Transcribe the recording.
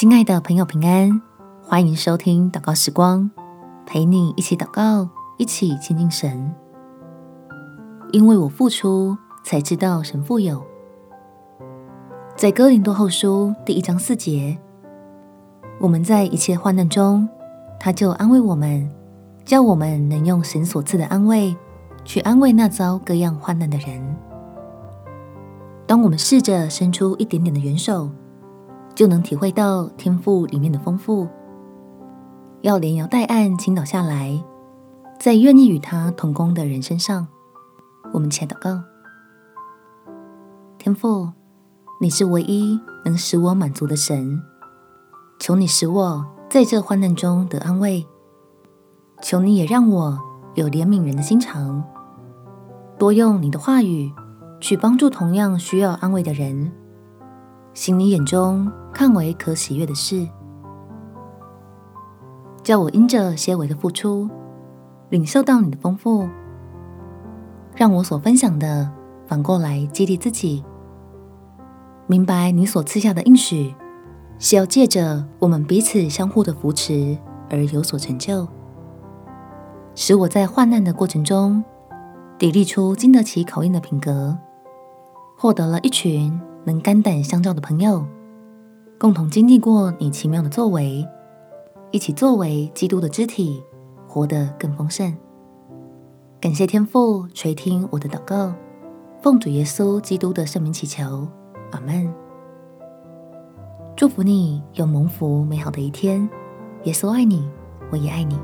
親愛的朋友，平安，歡迎收聽禱告時光，陪你一起禱告，一起親近神。因為我付出，才知道神富有。在哥林多後書第一章四節，我們在一切患難中，他就安慰我們，叫我們能用神所賜的安慰，去安慰那遭各樣患難的人。當我們試着伸出一點點的援手。就能體會到天父裡面的豐富。要連搖帶按傾倒下來，在願意與他同工的人身上，我們且禱告：天父，你是唯一能使我滿足的神，求你使我在這患難中得安慰，求你也讓我有憐憫人的心腸，多用你的話語去幫助同樣需要安慰的人。行你眼中，看為可喜悅的事，叫我因着些微的付出，領受到你的豐富，讓我所分享的反過來激勵自己，明白你所賜下的應許是要借着我們彼此相互的扶持而有所成就，使我在患難的過程中，砥礪出經得起考驗的品格，獲得了一群能肝膽相照的朋友。共同經歷過你奇妙的作為，一起作為基督的肢體，活得更豐盛。感謝天父垂聽我的禱告，奉主耶穌基督的聖名祈求，阿門。祝福你有蒙福美好的一天，耶穌愛你，我也愛你。